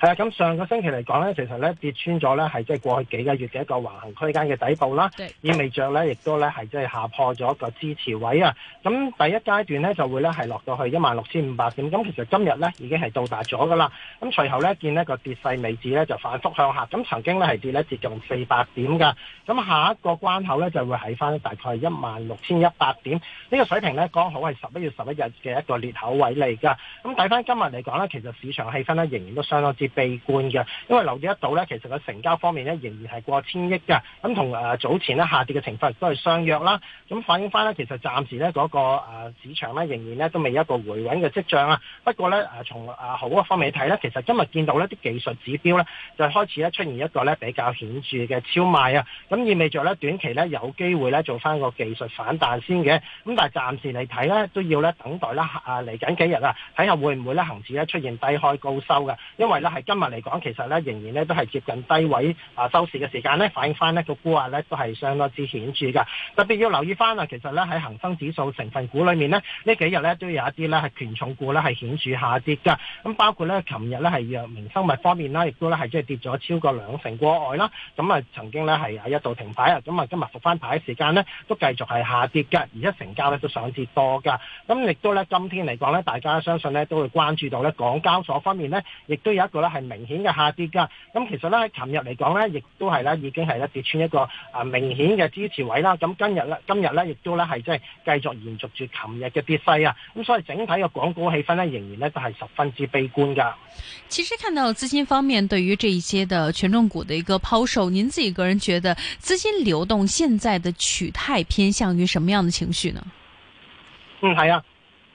係啊，咁、嗯、上個星期嚟講咧，其實咧跌穿咗咧，係即係過去幾個月嘅一個橫行區間嘅底部啦，意味着咧亦都咧係即係下破咗一個支持位啊。咁第一階段咧就會咧係落到去一萬六千五百點，咁其實今日咧已經係到達咗噶啦。咁隨後咧見呢個跌勢未止咧，就反覆向下。咁曾經咧係跌咧接近四百點噶。咁下一個關口咧就會喺翻大概一萬六千一百點呢、呢個水平咧，剛好係十一月十一日嘅一個裂口位嚟噶。咁睇翻今日嚟講咧，其實市場氣氛咧仍然都相當之悲觀嘅，因為留意得到呢，其實個成交方面呢，仍然係過千億嘅，咁同誒早前咧下跌嘅情況亦都係相約啦。咁反映翻呢，其實暫時呢嗰個誒市場呢，仍然呢都未有一個回穩嘅跡象啊。不過呢，誒從誒好嘅方面睇呢，其實今日見到呢啲技術指標呢，就開始咧出現一個呢比較顯著嘅超賣啊。咁意味著呢，短期呢，有機會呢做翻個技術反彈先嘅。咁但係暫時嚟睇呢，都要呢等待咧誒嚟緊幾日啊，睇下會唔會呢恒指咧出現低開高收嘅，因為咧。今日嚟講，其實咧仍然咧都係接近低位啊收市嘅時間咧，反映翻呢個沽壓咧都係相當之顯著嘅。特別要留意翻啊，其實咧喺恒生指數成分股裏面呢，呢幾日咧都有一啲咧係權重股咧係顯著下跌嘅。咁包括咧，琴日咧係藥明生物方面啦，亦都咧係即係跌咗超過兩成過外啦。咁啊曾經咧係一度停牌啊，咁啊今日復翻牌嘅時間咧都繼續係下跌嘅，而家成交咧都上跌多嘅。咁亦都咧，今天嚟講咧，大家相信咧都會關注到咧港交所方面咧，亦都有一個咧。係明顯嘅下跌噶，咁其實咧喺琴日嚟講咧，亦都係咧已經係咧跌穿一個啊明顯嘅支持位啦。咁今日咧，今日咧亦都咧係即係繼續延續住琴日嘅跌勢啊。咁所以整體嘅港股氣氛咧，仍然咧都係十分之悲觀噶。其實看到資金方面對於這一些的權重股的一個拋售，您自己個人覺得資金流動現在的取態偏向於什麼樣的情緒呢？嗯係啊，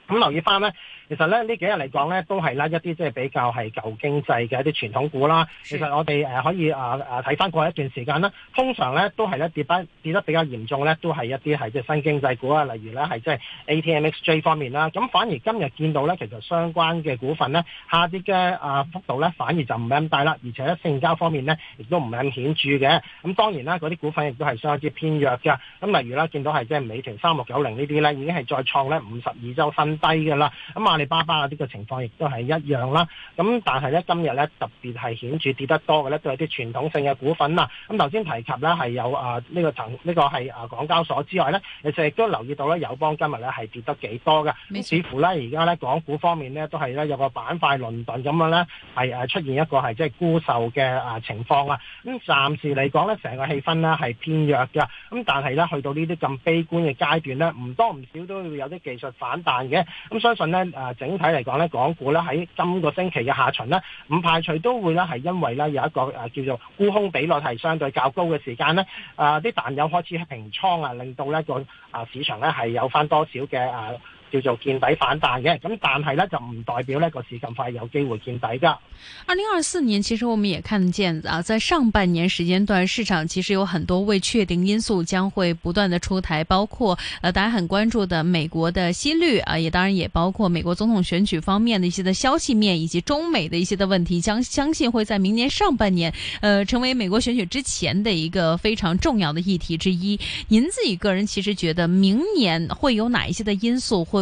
咁留意翻呢。其實咧呢幾日嚟講呢都係呢一啲即係比較係舊經濟嘅一啲傳統股啦。是其實我哋誒可以啊啊睇翻過一段時間啦，通常呢都係呢跌得跌得比較嚴重呢都係一啲係即係新經濟股啊，例如呢係即係 ATMXJ 方面啦。咁反而今日見到呢，其實相關嘅股份呢下跌嘅啊幅度呢反而就唔係咁大啦，而且呢成交方面呢亦都唔係咁顯著嘅。咁當然啦，嗰啲股份亦都係相對偏弱㗎。咁例如呢，見到係即係美團三六九零呢啲呢，已經係再創呢五十二周新低噶啦。咁啊。阿里巴巴啊，呢個情況亦都係一樣啦。咁但係呢，今日呢特別係顯著跌得多嘅呢，都有啲傳統性嘅股份啦。咁頭先提及呢係有啊呢個層，呢個係啊港交所之外呢，其實亦都留意到呢友邦今日呢係跌得幾多嘅。冇錯。似乎呢而家呢港股方面呢都係呢有個板塊輪頓咁樣呢，係誒出現一個係即係沽售嘅啊情況啊。咁暫時嚟講呢，成個氣氛呢係偏弱嘅。咁但係呢，去到呢啲咁悲觀嘅階段呢，唔多唔少都會有啲技術反彈嘅。咁相信呢。啊，整體嚟講咧，港股咧喺今個星期嘅下旬咧，唔排除都會咧係因為咧有一個誒叫做沽空比率係相對較高嘅時間咧，啊啲淡友開始平倉啊，令到呢個啊市場咧係有返多少嘅啊。呃叫做見底反彈嘅，咁但係呢，就唔代表呢個市咁快有機會見底噶。二零二四年其實我們也看見啊，在上半年時間段，市場其實有很多未確定因素將會不斷的出台，包括呃大家很關注的美國的息率啊，也當然也包括美國總統選舉方面的一些的消息面，以及中美的一些的問題，相相信會在明年上半年，呃成為美國選舉之前的一個非常重要的議題之一。您自己個人其實覺得明年會有哪一些的因素會？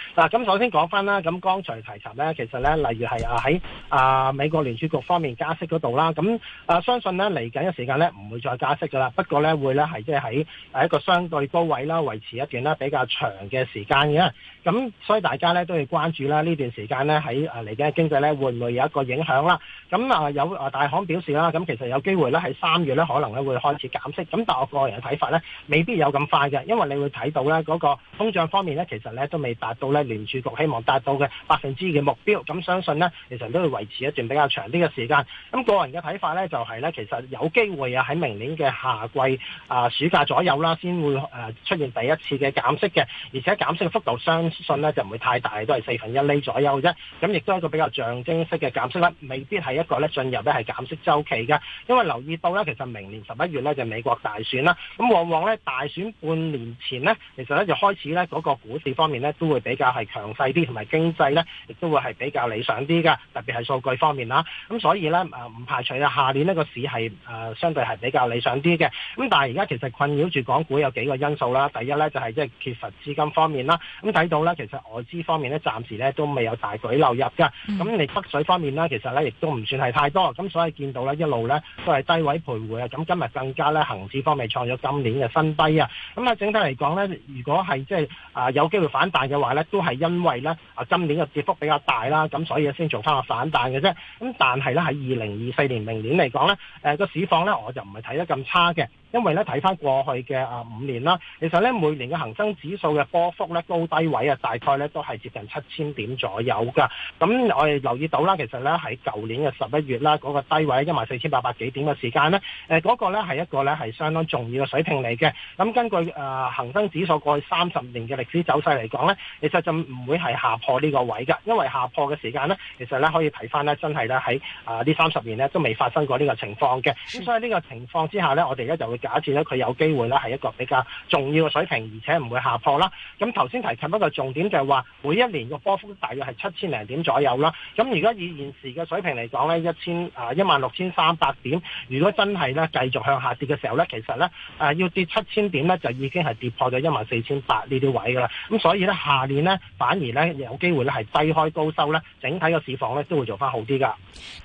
嗱，咁首先講翻啦，咁剛才提及呢，其實呢，例如係啊喺啊美國聯儲局方面加息嗰度啦，咁啊、呃、相信呢，嚟緊嘅時間呢，唔會再加息噶啦，不過呢，會呢係即係喺一個相對高位啦，維持一段啦比較長嘅時間嘅，咁所以大家呢，都要關注啦呢段時間呢，喺啊嚟緊嘅經濟呢，會唔會有一個影響啦，咁啊有啊大行表示啦，咁其實有機會呢，喺三月呢，可能咧會開始減息，咁但我個人嘅睇法呢，未必有咁快嘅，因為你會睇到呢嗰、嗰個通脹方面呢，其實呢都未達到呢。聯儲局希望達到嘅百分之二嘅目標，咁相信呢其實都會維持一段比較長啲嘅時間。咁、那個人嘅睇法呢就係、是、呢，其實有機會啊，喺明年嘅夏季啊、呃、暑假左右啦，先、呃、會出現第一次嘅減息嘅，而且減息嘅幅度相信呢就唔會太大，都係四分一厘左右啫。咁亦都係一個比較象徵式嘅減息啦，未必係一個呢進入咧係減息周期嘅，因為留意到呢，其實明年十一月呢就美國大選啦，咁往往呢，大選半年前呢，其實呢就開始呢嗰、那個股市方面呢都會比較。係強勢啲，同埋經濟呢，亦都會係比較理想啲嘅，特別係數據方面啦、啊。咁所以呢，誒唔排除啊，下年呢個市係、呃、相對係比較理想啲嘅。咁但係而家其實困擾住港股有幾個因素啦。第一呢，就係即係缺乏資金方面啦。咁、嗯、睇到呢，其實外資方面呢，暫時呢都未有大舉流入㗎。咁你、嗯、北水方面呢，其實呢亦都唔算係太多。咁所以見到呢一路呢，都係低位徘徊啊。咁今日更加呢，恆指方面創咗今年嘅新低啊。咁啊，整體嚟講呢，如果係即係啊有機會反彈嘅話呢，都都係因為咧，啊，今年嘅跌幅比較大啦，咁所以先做返個反彈嘅啫。咁但係咧，喺二零二四年明年嚟講咧，誒個市況咧，我就唔係睇得咁差嘅。因為咧睇翻過去嘅啊五年啦，其實咧每年嘅恒生指數嘅波幅咧高低位啊，大概咧都係接近七千點左右㗎。咁我哋留意到啦，其實咧喺舊年嘅十一月啦，嗰個低位一萬四千八百幾點嘅時間咧，誒嗰個咧係一個咧係相當重要嘅水平嚟嘅。咁根據誒恆生指數過去三十年嘅歷史走勢嚟講咧，其實就唔會係下破呢個位㗎，因為下破嘅時間咧，其實咧可以睇翻咧真係咧喺啊呢三十年咧都未發生過呢個情況嘅。咁所以呢個情況之下咧，我哋咧就會假設咧，佢有機會咧係一個比較重要嘅水平，而且唔會下破啦。咁頭先提及，一個重點就係話每一年個波幅大約係七千零點左右啦。咁而家以現時嘅水平嚟講呢，一千啊一萬六千三百點，如果真係咧繼續向下跌嘅時候呢，其實呢誒、啊、要跌七千點呢，就已經係跌破咗一萬四千八呢啲位噶啦。咁所以呢，下年呢反而呢，有機會咧係低開高收咧，整體嘅市況呢都會做翻好啲噶。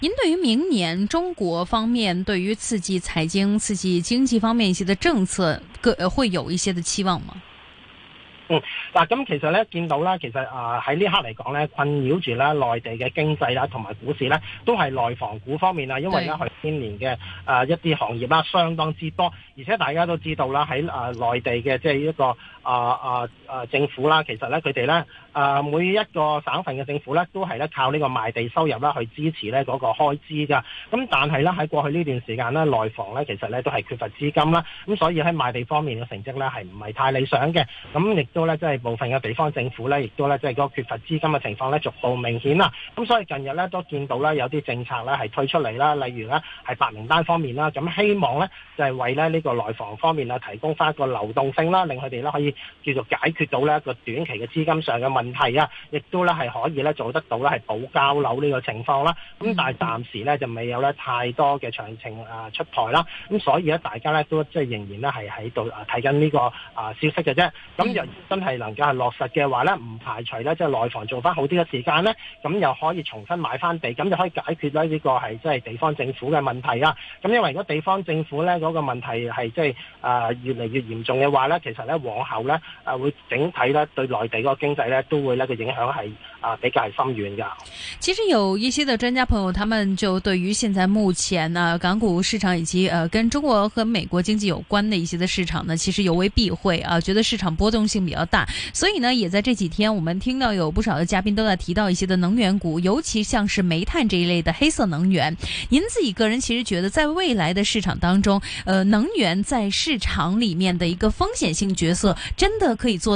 您對於明年中國方面對於刺激財經、刺激經濟方面方面一些的政策，個會有一些的期望嗎？嗯，嗱，咁其實咧，見到啦，其實啊，喺呢刻嚟講咧，困擾住啦內地嘅經濟啦，同埋股市咧，都係內房股方面啦。因為咧去年嘅、啊、呃、一啲行業啦，相當之多，而且大家都知道啦，喺啊內地嘅即係一個啊啊。呃呃誒政府啦，其實咧佢哋咧誒每一個省份嘅政府咧，都係咧靠呢個賣地收入啦去支持咧嗰個開支㗎。咁但係咧喺過去呢段時間咧，內房咧其實咧都係缺乏資金啦。咁所以喺賣地方面嘅成績咧係唔係太理想嘅。咁亦都咧即係部分嘅地方政府咧，亦都咧即係嗰個缺乏資金嘅情況咧逐步明顯啦。咁所以近日咧都見到咧有啲政策咧係推出嚟啦，例如咧係白名單方面啦，咁希望咧就係為咧呢個內房方面啊提供翻一個流動性啦，令佢哋咧可以繼續解。解決到咧個短期嘅資金上嘅問題啊，亦都咧係可以咧做得到咧係補交樓呢個情況啦。咁但係暫時咧就未有咧太多嘅詳情啊出台啦。咁所以咧大家咧都即係仍然咧係喺度啊睇緊呢個啊消息嘅啫。咁又真係能夠係落實嘅話咧，唔排除咧即係內房做翻好啲嘅時間咧，咁又可以重新買翻地，咁就可以解決咧呢個係即係地方政府嘅問題啊。咁因為如果地方政府咧嗰個問題係即係啊越嚟越嚴重嘅話咧，其實咧往後咧啊會。整體呢，對內地個經濟呢，都會呢個影響係啊比較係深遠噶。其實有一些的專家朋友，他們就對於現在目前呢、啊、港股市場以及呃、啊、跟中國和美國經濟有關的一些的市場呢，其實尤為避諱啊，覺得市場波動性比較大。所以呢，也在這幾天，我們聽到有不少的嘉賓都在提到一些的能源股，尤其像是煤炭這一類的黑色能源。您自己個人其實覺得，在未來的市場當中，呃能源在市場裏面的一個風險性角色，真的可以做。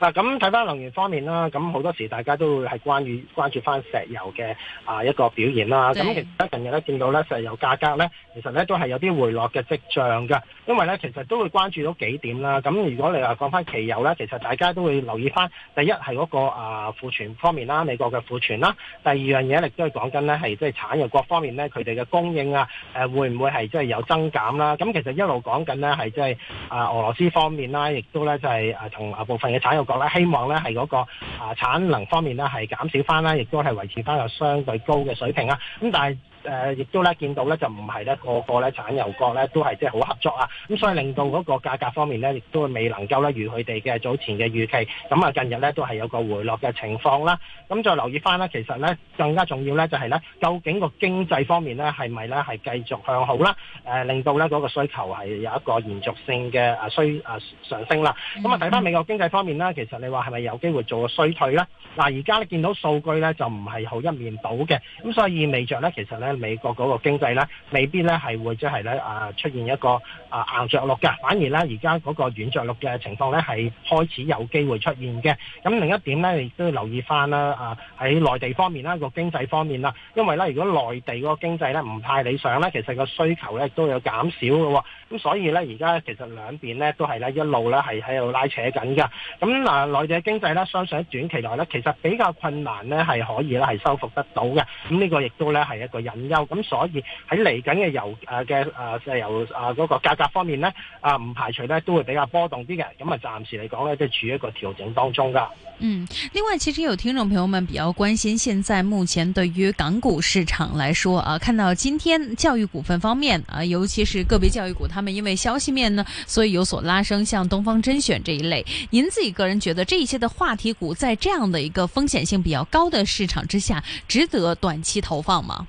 嗱，咁睇翻能源方面啦，咁好多時大家都會係關，關注關注翻石油嘅啊一個表現啦。咁的其實近日咧見到咧石油價格咧，其實咧都係有啲回落嘅跡象㗎。因為咧其實都會關注到幾點啦。咁如果你話講翻汽油咧，其實大家都會留意翻第一係嗰、嗰個啊庫存方面啦，美國嘅庫存啦。第二樣嘢亦都係講緊咧係即係產油國方面咧佢哋嘅供應啊，誒會唔會係即係有增減啦？咁其實一路講緊咧係即係啊俄羅斯方面啦，亦都咧就係誒同啊部嘅產油國咧，希望咧係嗰個啊產能方面咧係減少翻啦，亦都係維持翻個相對高嘅水平啦。咁但係。誒，亦、呃、都咧見到咧，就唔係咧個個咧產油國咧都係即係好合作啊！咁、嗯、所以令到嗰個價格方面咧，亦都未能夠咧如佢哋嘅早前嘅預期。咁、嗯、啊，近日咧都係有個回落嘅情況啦。咁、嗯、再留意翻咧，其實咧更加重要咧就係、是、咧，究竟個經濟方面咧係咪咧係繼續向好啦、呃？令到咧嗰、那個需求係有一個延續性嘅需、啊啊、上升啦。咁、嗯、啊，睇、嗯、翻、嗯嗯、美國經濟方面呢，其實你話係咪有機會做個衰退咧？嗱、啊，而家呢見到數據咧就唔係好一面倒嘅，咁、嗯、所以意味著咧其實咧。美國嗰個經濟咧，未必咧係會即係咧啊出現一個啊硬着陸嘅，反而咧而家嗰個軟著陸嘅情況咧係開始有機會出現嘅。咁另一點咧亦都要留意翻啦啊喺內地方面啦個經濟方面啦，因為咧如果內地嗰個經濟咧唔太理想咧，其實個需求咧都有減少嘅喎。咁所以咧而家其實兩邊咧都係咧一路咧係喺度拉扯緊嘅。咁嗱內地嘅經濟咧相信喺短期內咧其實比較困難咧係可以咧係修復得到嘅。咁呢個亦都咧係一個引。咁所以喺嚟緊嘅油誒嘅誒油啊個價格方面呢啊唔排除呢都會比較波動啲嘅，咁啊暫時嚟講呢都係處一個調整當中噶。嗯，另外其實有聽眾朋友們比較關心，現在目前對於港股市場來說啊，看到今天教育股份方面啊，尤其是個別教育股，他們因為消息面呢，所以有所拉升，像東方甄選這一類。您自己個人覺得，這一些的話題股在這樣的一個風險性比較高的市場之下，值得短期投放嗎？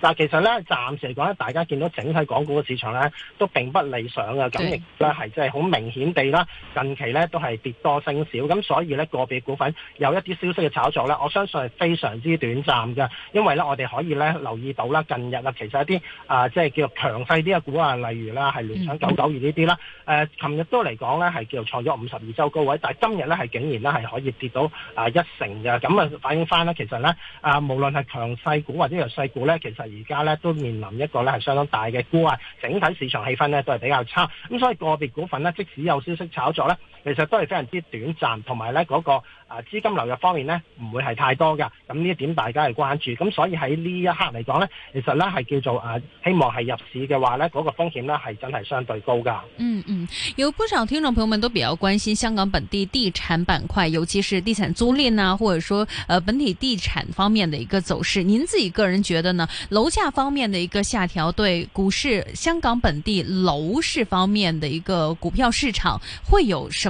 嗱，其實咧，暫時嚟講咧，大家見到整體港股嘅市場咧，都並不理想嘅，咁亦都係即係好明顯地啦。近期咧都係跌多升少，咁所以咧個別股份有一啲消息嘅炒作咧，我相信係非常之短暫嘅，因為咧我哋可以咧留意到啦，近日啊，其實一啲啊即係叫做強勢啲嘅股啊，例如啦係聯想九九二呢啲啦，誒，琴日都嚟講咧係叫做創咗五十二周高位，但係今日咧係竟然咧係可以跌到啊一成嘅，咁啊反映翻咧其實咧啊無論係強勢股或者弱勢股咧，其實，而家咧都面臨一個咧係相當大嘅沽壓，整體市場氣氛咧都係比較差，咁所以個別股份咧即使有消息炒作咧。其實都係非常之短暫，同埋呢嗰個啊資金流入方面呢唔會係太多嘅，咁呢一點大家係關注，咁所以喺呢一刻嚟講呢，其實呢係叫做啊希望係入市嘅話呢，嗰個風險呢係真係相對高噶。嗯嗯，有不少聽眾朋友們都比較關心香港本地地產板塊，尤其是地產租賃啊或者說、呃、本地地產方面的一個走勢。您自己個人覺得呢？樓價方面的一個下調，對股市香港本地樓市方面的一個股票市場會有什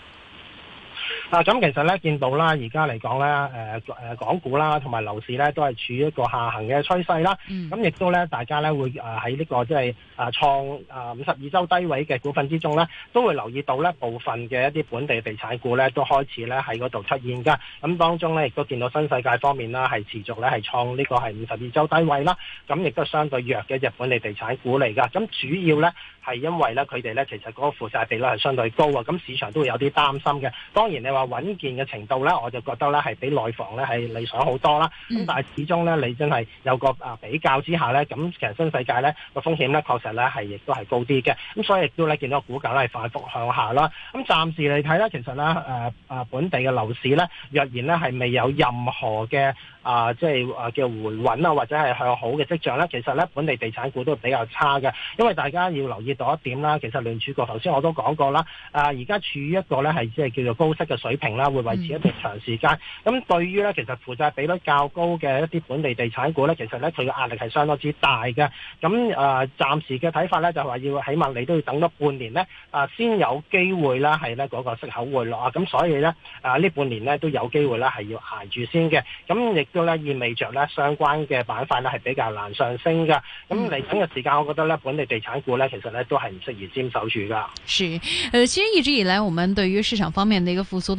啊，咁其實咧，見到啦，而家嚟講咧，港股啦，同埋樓市咧，都係處於一個下行嘅趨勢啦。咁亦、嗯、都咧，大家咧會誒喺呢個即係誒創誒五十二週低位嘅股份之中咧，都會留意到咧部分嘅一啲本地地產股咧都開始咧喺嗰度出現㗎。咁當中咧亦都見到新世界方面啦，係持續咧係創呢個係五十二週低位啦。咁亦都相對弱嘅本地地產股嚟㗎。咁主要咧係因為咧佢哋咧其實嗰個負債比率係相對高㗎，咁市場都會有啲擔心嘅。當然你話。穩健嘅程度咧，我就覺得咧係比內房咧係理想好多啦。咁、嗯、但係始終咧，你真係有個啊比較之下咧，咁其實新世界咧個風險咧確實咧係亦都係高啲嘅。咁所以亦都咧見到個股價咧係反覆向下啦。咁暫時嚟睇咧，其實咧誒誒本地嘅樓市咧，若然咧係未有任何嘅啊、呃、即係啊叫回穩啊，或者係向好嘅跡象咧，其實咧本地地產股都比較差嘅。因為大家要留意到一點啦，其實聯儲局頭先我都講過啦，啊而家處於一個咧係即係叫做高息嘅水水平啦，會維持一段長時間。咁對於咧，其實負債比率較，較高嘅一啲本地地產股咧，其實咧佢嘅壓力係相當之大嘅。咁誒、呃，暫時嘅睇法咧就係話要起碼你都要等多半年咧，啊、呃，先有機會啦係咧嗰個息口回落啊。咁所以咧，啊、呃、呢半年咧都有機會咧係要捱住先嘅。咁亦都咧意味着咧相關嘅板塊咧係比較難上升嘅。咁嚟緊嘅時間，我覺得咧本地地產股咧其實咧都係唔適宜先守住噶。是，誒、呃，其實一直以來，我們對於市場方面的一個復甦。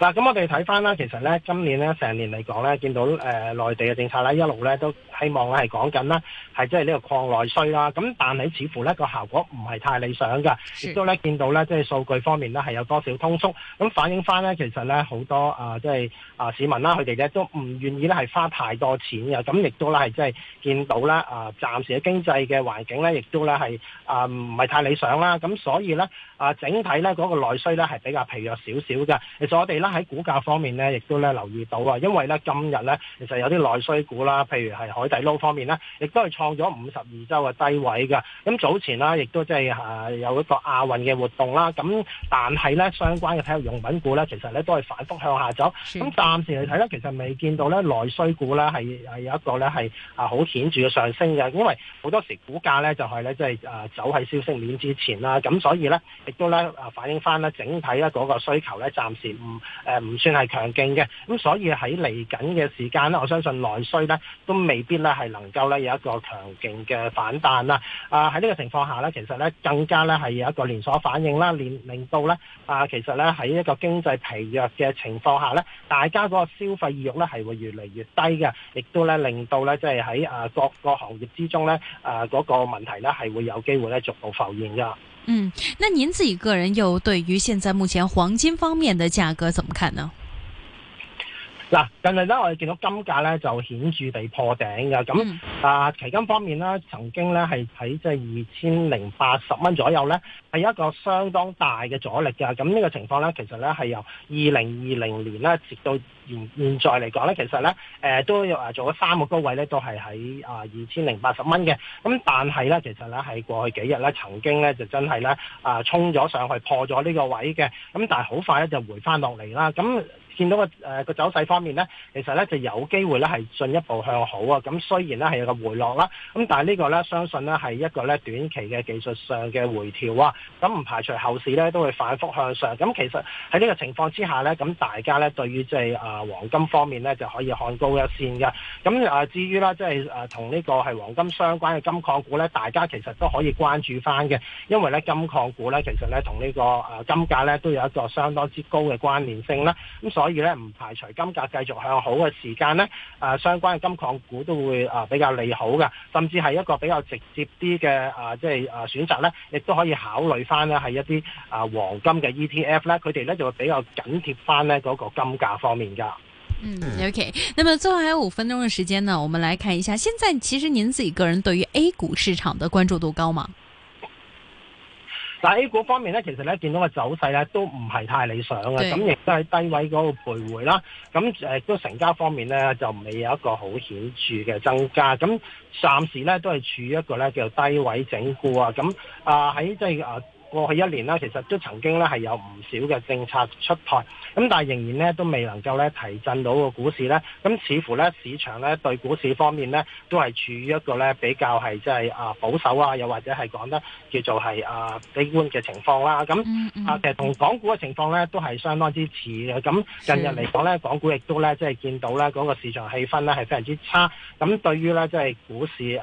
嗱，咁、嗯、我哋睇返啦，其實呢，今年呢成年嚟講呢，見到誒、呃、內地嘅政策呢，一路呢都。希望我係講緊啦，係即係呢個擴內需啦。咁但係似乎咧個效果唔係太理想㗎，亦都咧見到咧即係數據方面咧係有多少通縮，咁反映返咧其實咧好多啊即係啊市民啦佢哋咧都唔願意咧係花太多錢嘅，咁亦都咧係即係見到啦啊暫時嘅經濟嘅環境咧亦都咧係啊唔係太理想啦。咁所以咧啊整體咧嗰個內需咧係比較疲弱少少嘅。其實我哋咧喺股價方面咧亦都咧留意到啊，因為咧今日咧其實有啲內需股啦，譬如係滯方面呢，亦都係創咗五十二週嘅低位㗎。咁早前啦，亦都即係啊有一個亞運嘅活動啦。咁但係呢，相關嘅體育用品股呢，其實呢都係反覆向下走。咁暫時嚟睇呢，其實未見到呢內需股呢係有一個呢係啊好顯著嘅上升嘅，因為好多時股價呢就係呢，即係啊走喺消息面之前啦。咁所以呢，亦都呢啊反映翻呢，整體呢嗰個需求呢，暫時唔誒唔算係強勁嘅。咁所以喺嚟緊嘅時間呢，我相信內需呢都未必咧係能夠咧有一個強勁嘅反彈啦，啊喺呢個情況下呢，其實呢更加咧係有一個連鎖反應啦，令令到呢啊，其實呢喺一個經濟疲弱嘅情況下呢，大家嗰個消費意欲呢係會越嚟越低嘅，亦都呢令到呢即係喺啊各個行業之中呢啊嗰個問題呢係會有機會呢逐步浮現噶。嗯，那您自己個人又對於現在目前黃金方面的價格怎麼看呢？嗱，近日咧我哋見到金價咧就顯著地破頂嘅，咁、嗯、啊期金方面咧，曾經咧係喺即係二千零八十蚊左右咧係一個相當大嘅阻力嘅，咁呢個情況咧其實咧係由二零二零年咧直到現現在嚟講咧，其實咧誒都有啊做咗三個高位咧都係喺啊二千零八十蚊嘅，咁但係咧其實咧係過去幾日咧曾經咧就真係咧啊衝咗上去破咗呢個位嘅，咁但係好快咧就回返落嚟啦，咁。見到個誒個走勢方面呢，其實呢就有機會呢係進一步向好啊！咁雖然呢係有個回落啦，咁但係呢個呢相信呢係一個呢短期嘅技術上嘅回調啊！咁唔排除後市呢都會反覆向上。咁其實喺呢個情況之下呢，咁大家呢對於即係啊黃金方面呢就可以看高一線嘅。咁啊至於啦，即係啊同呢個係黃金相關嘅金礦股呢，大家其實都可以關注翻嘅，因為呢金礦股呢其實呢同呢個啊金價呢都有一個相當之高嘅關聯性啦。咁所以所以咧，唔排除金價繼續向好嘅時間咧，誒，相關嘅金礦股都會誒比較利好嘅，甚至係一個比較直接啲嘅誒，即係誒選擇咧，亦都可以考慮翻咧，係一啲誒黃金嘅 ETF 咧，佢哋咧就會比較緊貼翻咧嗰個金價方面噶。嗯，OK。那麼最後還有五分鐘嘅時間呢，我們來看一下，現在其實您自己個人對於 A 股市場的關注度高嗎？但 A 股方面咧，其實咧見到個走勢咧都唔係太理想嘅，咁亦都係低位嗰個徘徊啦。咁誒都成交方面咧就未有一個好顯著嘅增加。咁暫時咧都係處於一個咧叫低位整固啊。咁啊喺即係啊。呃過去一年呢，其實都曾經咧係有唔少嘅政策出台，咁但係仍然咧都未能夠咧提振到個股市咧，咁似乎咧市場咧對股市方面咧都係處於一個咧比較係即係啊保守啊，又或者係講得叫做係啊悲觀嘅情況啦。咁啊，其實同港股嘅情況咧都係相當之似嘅。咁近日嚟講咧，港股亦都咧即係見到咧嗰個市場氣氛咧係非常之差。咁對於咧即係股市誒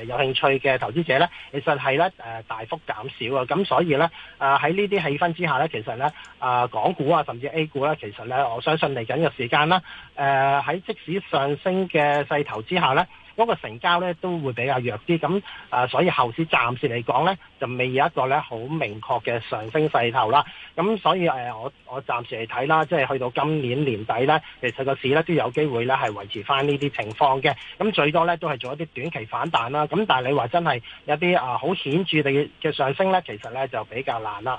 誒有興趣嘅投資者咧，其實係咧誒大幅減少啊。咁所以咧，誒喺呢啲氣氛之下咧，其實咧，誒、呃、港股啊，甚至 A 股咧，其實咧，我相信嚟緊嘅時間啦，誒、呃、喺即使上升嘅勢頭之下咧。嗰個成交咧都會比較弱啲，咁所以後市暫時嚟講咧，就未有一個咧好明確嘅上升勢頭啦。咁所以誒，我我暫時嚟睇啦，即係去到今年年底咧，其實個市咧都有機會咧係維持翻呢啲情況嘅。咁最多咧都係做一啲短期反彈啦。咁但係你話真係有啲啊好顯著嘅嘅上升咧，其實咧就比較難啦。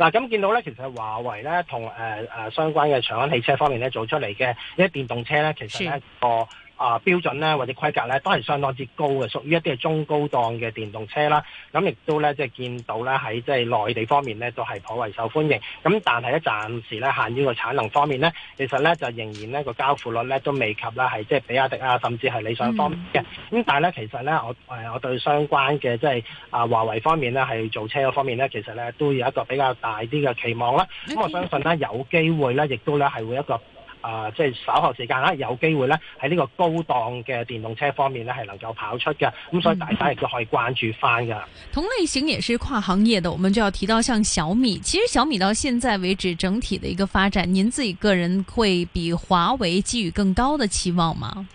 嗱，咁見到咧，其實華為咧同誒誒、呃呃、相關嘅長安汽車方面咧做出嚟嘅一啲電動車咧，其實咧個。啊標準咧，或者規格咧，都係相當之高嘅，屬於一啲中高檔嘅電動車啦。咁亦都咧，即係見到咧喺即係內地方面咧，都係頗為受歡迎。咁但係咧，暫時咧限於個產能方面咧，其實咧就仍然咧個交付率咧都未及啦，係即係比亞迪啊，甚至係理想方面嘅。咁，嗯，但係咧，其實咧我我對相關嘅即係啊華為方面咧係做車嗰方面咧，其實咧都有一個比較大啲嘅期望啦。咁 Okay. 我相信咧有機會咧，亦都咧係會一個。啊，即係、呃就是、稍後時間啦，有機會呢喺呢個高檔嘅電動車方面呢係能夠跑出嘅，咁所以大家亦都可以關注翻㗎。嗯、同類型也是跨行業的，我們就要提到像小米。其實小米到現在為止，整體的一個發展，您自己個人會比華為寄予更高的期望嗎？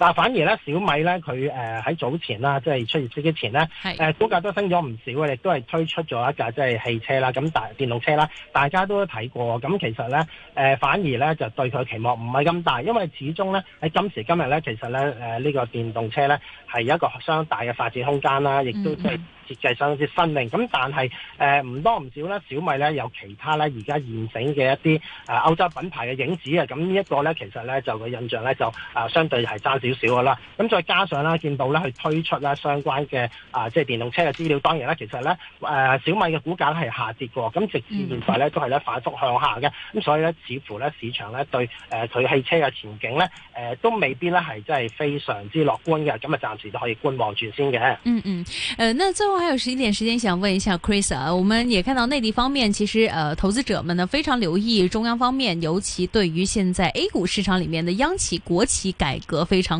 但反而咧小米咧佢誒喺早前啦，即係出業績之前咧，誒股價都升咗唔少嘅，亦都係推出咗一架即係汽車啦，咁大電動車啦，大家都睇過咁其實咧誒反而咧就對佢期望唔係咁大，因為始終咧喺今時今日咧，其實咧誒呢、這個電動車咧係一個相當大嘅發展空間啦，亦都即係設計上之新穎咁但係誒唔多唔少咧，小米咧有其他咧而家現成嘅一啲誒歐洲品牌嘅影子啊！咁呢一個咧其實咧就個印象咧就啊，相對係。暫少少嘅啦，咁再加上啦，見到咧去推出啦相關嘅啊，即係電動車嘅資料。當然啦，其實咧誒，小米嘅股價係下跌過，咁直至現在咧都係咧快速向下嘅。咁所以咧，似乎咧市場咧對誒佢汽車嘅前景咧誒都未必咧係真係非常之樂觀嘅。咁啊，暫時就可以觀望住先嘅。嗯嗯，誒，那最後還有十一點時間，想問一下 Chris 啊，我們也看到內地方面，其實誒投資者們呢非常留意中央方面，尤其對於現在 A 股市場裏面嘅央企國企改革非常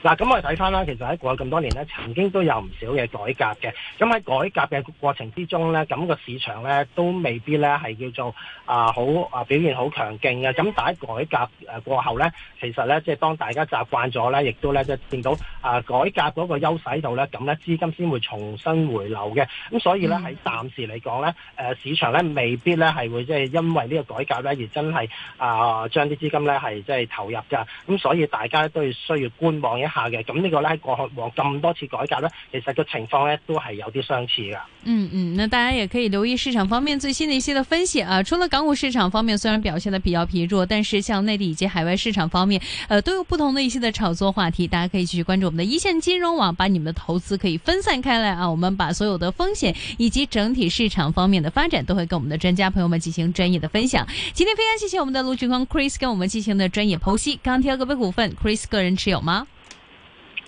嗱，咁我哋睇返啦，其實喺過去咁多年咧，曾經都有唔少嘅改革嘅。咁喺改革嘅過程之中咧，咁個市場咧都未必咧係叫做啊好啊表現好強勁嘅。咁但係改革誒過後咧，其實咧即係當大家習慣咗咧，亦都咧即係見到啊改革嗰個優勢度咧，咁咧資金先會重新回流嘅。咁所以咧喺暫時嚟講咧，誒市場咧未必咧係會即係因為呢個改革咧而真係啊將啲資金咧係即係投入㗎。咁所以大家都要需要觀望一下嘅咁呢個咧，過往咁多次改革呢，其實個情況呢都係有啲相似噶。嗯嗯，那大家也可以留意市場方面最新的一些的分析啊。除了港股市場方面雖然表現得比較疲弱，但是像內地以及海外市場方面，呃都有不同的一些的炒作話題。大家可以繼續關注我們的一線金融網，把你們的投資可以分散開來啊。我們把所有的風險以及整體市場方面的發展，都會跟我們的專家朋友們進行專業的分享。今天非常謝謝我們的盧駿匡 Chris 跟我們進行的專業剖析。剛提到嗰股份 Chris 個人持有嗎？